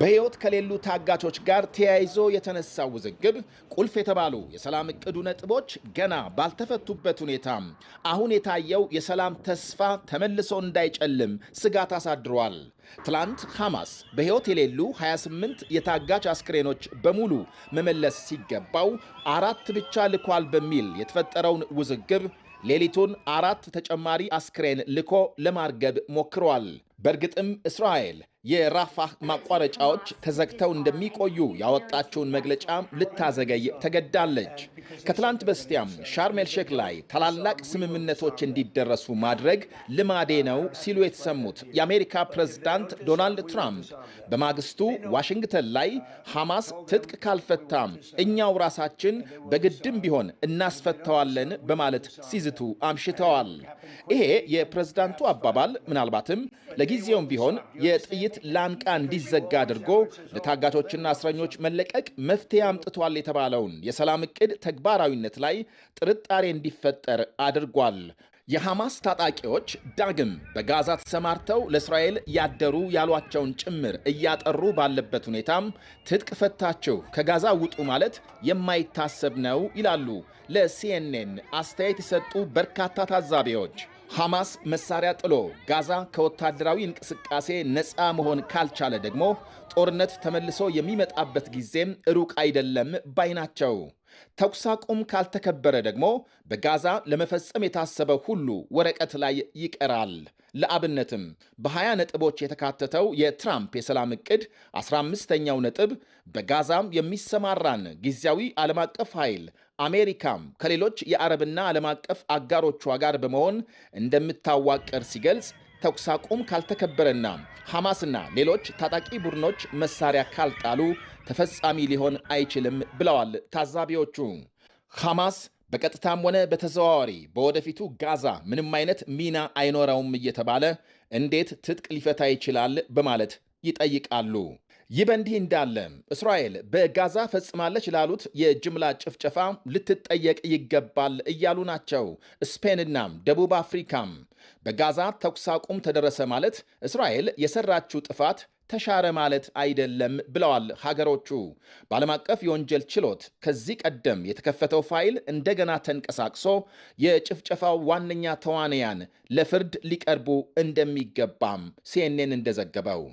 በሕይወት ከሌሉ ታጋቾች ጋር ተያይዞ የተነሳው ውዝግብ ቁልፍ የተባሉ የሰላም እቅዱ ነጥቦች ገና ባልተፈቱበት ሁኔታ አሁን የታየው የሰላም ተስፋ ተመልሶ እንዳይጨልም ስጋት አሳድሯል። ትላንት ሐማስ በሕይወት የሌሉ 28 የታጋች አስክሬኖች በሙሉ መመለስ ሲገባው አራት ብቻ ልኳል በሚል የተፈጠረውን ውዝግብ ሌሊቱን አራት ተጨማሪ አስክሬን ልኮ ለማርገብ ሞክሯል። በእርግጥም እስራኤል የራፋህ ማቋረጫዎች ተዘግተው እንደሚቆዩ ያወጣችውን መግለጫ ልታዘገይ ተገዳለች። ከትላንት በስቲያም ሻርሜል ሼክ ላይ ታላላቅ ስምምነቶች እንዲደረሱ ማድረግ ልማዴ ነው ሲሉ የተሰሙት የአሜሪካ ፕሬዝዳንት ዶናልድ ትራምፕ በማግስቱ ዋሽንግተን ላይ ሐማስ ትጥቅ ካልፈታም እኛው ራሳችን በግድም ቢሆን እናስፈተዋለን በማለት ሲዝቱ አምሽተዋል። ይሄ የፕሬዝዳንቱ አባባል ምናልባትም ለጊዜውም ቢሆን የጥይት ላምቃ እንዲዘጋ አድርጎ ለታጋቾችና እስረኞች መለቀቅ መፍትሄ አምጥቷል የተባለውን የሰላም እቅድ ተግባራዊነት ላይ ጥርጣሬ እንዲፈጠር አድርጓል። የሐማስ ታጣቂዎች ዳግም በጋዛ ተሰማርተው ለእስራኤል ያደሩ ያሏቸውን ጭምር እያጠሩ ባለበት ሁኔታም ትጥቅ ፈታችሁ ከጋዛ ውጡ ማለት የማይታሰብ ነው ይላሉ ለሲኤንኤን አስተያየት የሰጡ በርካታ ታዛቢዎች። ሐማስ መሳሪያ ጥሎ ጋዛ ከወታደራዊ እንቅስቃሴ ነፃ መሆን ካልቻለ ደግሞ ጦርነት ተመልሶ የሚመጣበት ጊዜም ሩቅ አይደለም ባይ ናቸው። ተኩስ አቁም ካልተከበረ ደግሞ በጋዛ ለመፈጸም የታሰበ ሁሉ ወረቀት ላይ ይቀራል። ለአብነትም በ20 ነጥቦች የተካተተው የትራምፕ የሰላም እቅድ 15ኛው ነጥብ በጋዛም የሚሰማራን ጊዜያዊ ዓለም አቀፍ ኃይል አሜሪካም ከሌሎች የአረብና ዓለም አቀፍ አጋሮቿ ጋር በመሆን እንደምታዋቀር ሲገልጽ ተኩስ አቁም ካልተከበረና ሐማስና ሌሎች ታጣቂ ቡድኖች መሳሪያ ካልጣሉ ተፈጻሚ ሊሆን አይችልም ብለዋል ታዛቢዎቹ። ሐማስ በቀጥታም ሆነ በተዘዋዋሪ በወደፊቱ ጋዛ ምንም አይነት ሚና አይኖረውም እየተባለ እንዴት ትጥቅ ሊፈታ ይችላል በማለት ይጠይቃሉ። ይህ በእንዲህ እንዳለ እስራኤል በጋዛ ፈጽማለች ላሉት የጅምላ ጭፍጨፋ ልትጠየቅ ይገባል እያሉ ናቸው ስፔንናም ደቡብ አፍሪካም በጋዛ ተኩስ አቁም ተደረሰ ማለት እስራኤል የሰራችው ጥፋት ተሻረ ማለት አይደለም ብለዋል ሀገሮቹ። በዓለም አቀፍ የወንጀል ችሎት ከዚህ ቀደም የተከፈተው ፋይል እንደገና ተንቀሳቅሶ የጭፍጨፋው ዋነኛ ተዋንያን ለፍርድ ሊቀርቡ እንደሚገባም ሲኤንኤን እንደዘገበው